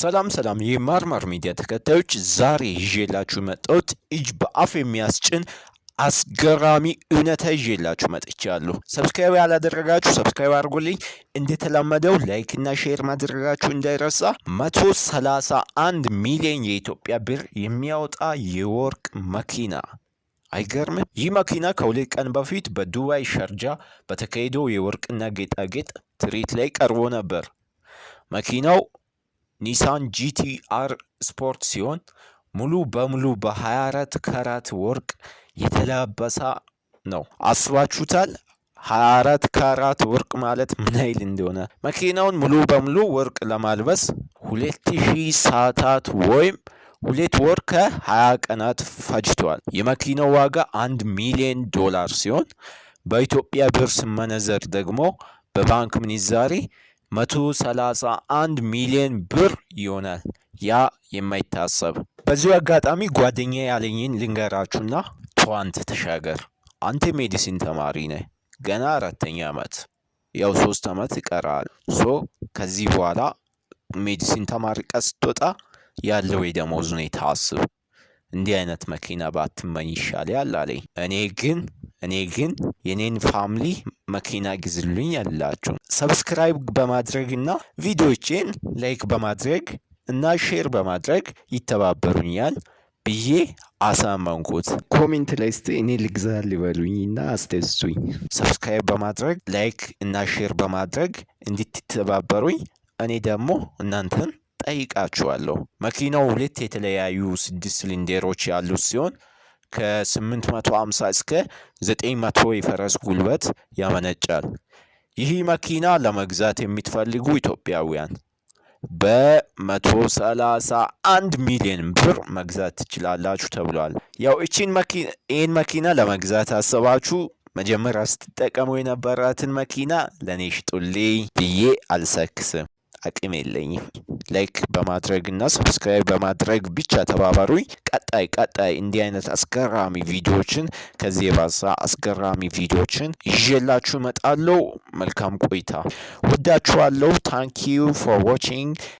ሰላም ሰላም የማርማር ሚዲያ ተከታዮች፣ ዛሬ ይዤላችሁ መጣሁት እጅ በአፍ የሚያስጭን አስገራሚ እውነታ ይዤላችሁ መጥቻለሁ። ሰብስክራይብ ያላደረጋችሁ ሰብስክራይብ አድርጉልኝ። እንደተለመደው ላይክና ሼር ማድረጋችሁ እንዳይረሳ። መቶ ሰላሳ አንድ ሚሊዮን የኢትዮጵያ ብር የሚያወጣ የወርቅ መኪና አይገርምም? ይህ መኪና ከሁለት ቀን በፊት በዱባይ ሸርጃ በተካሄደው የወርቅና ጌጣጌጥ ትርኢት ላይ ቀርቦ ነበር። መኪናው ኒሳን ጂቲአር ስፖርት ሲሆን ሙሉ በሙሉ በ24 ካራት ወርቅ የተላበሰ ነው። አስባችሁታል? 24 ካራት ወርቅ ማለት ምን ያህል እንደሆነ። መኪናውን ሙሉ በሙሉ ወርቅ ለማልበስ 2000 ሰዓታት ወይም ሁለት ወር ከ20 ቀናት ፈጅቷል። የመኪናው ዋጋ አንድ ሚሊዮን ዶላር ሲሆን በኢትዮጵያ ብር መነዘር ደግሞ በባንክ ምንዛሬ 131 ሚሊዮን ብር ይሆናል። ያ የማይታሰብ በዚሁ አጋጣሚ ጓደኛ ያለኝን ልንገራችሁና ተዋንት ተሻገር፣ አንተ ሜዲሲን ተማሪ ነህ፣ ገና አራተኛ ዓመት ያው ሶስት ዓመት ይቀራል። ሶ ከዚህ በኋላ ሜዲሲን ተማሪ ቀስትወጣ ያለው የደሞዝ ሁኔታ አስብ። እንዲህ አይነት መኪና ባትመኝ ይሻል ያል አለኝ። እኔ ግን እኔ ግን የኔን ፋምሊ መኪና ግዝልኝ ያላችሁ ሰብስክራይብ በማድረግ እና ቪዲዮቼን ላይክ በማድረግ እና ሼር በማድረግ ይተባበሩኛል ብዬ አሳመንኩት። ኮሜንት ላይ ስ እኔ ልግዛ ሊበሉኝ እና አስደስቱኝ። ሰብስክራይብ በማድረግ ላይክ እና ሼር በማድረግ እንድትተባበሩኝ እኔ ደግሞ እናንተን ጠይቃችኋለሁ። መኪናው ሁለት የተለያዩ ስድስት ሲሊንደሮች ያሉት ሲሆን ከ850 እስከ 900 የፈረስ ጉልበት ያመነጫል። ይህ መኪና ለመግዛት የምትፈልጉ ኢትዮጵያውያን በ131 ሚሊዮን ብር መግዛት ትችላላችሁ ተብሏል። ያው እቺን ይህን መኪና ለመግዛት አሰባችሁ መጀመሪያ ስትጠቀሙ የነበራትን መኪና ለእኔ ሽጡልኝ ብዬ አልሰክስም። አቅም የለኝም። ላይክ በማድረግ እና ሰብስክራይብ በማድረግ ብቻ ተባበሩኝ። ቀጣይ ቀጣይ እንዲህ አይነት አስገራሚ ቪዲዮዎችን ከዚህ የባሰ አስገራሚ ቪዲዮዎችን ይዤላችሁ እመጣለሁ። መልካም ቆይታ። ወዳችኋለሁ። ታንክ ዩ ፎር ዋቺንግ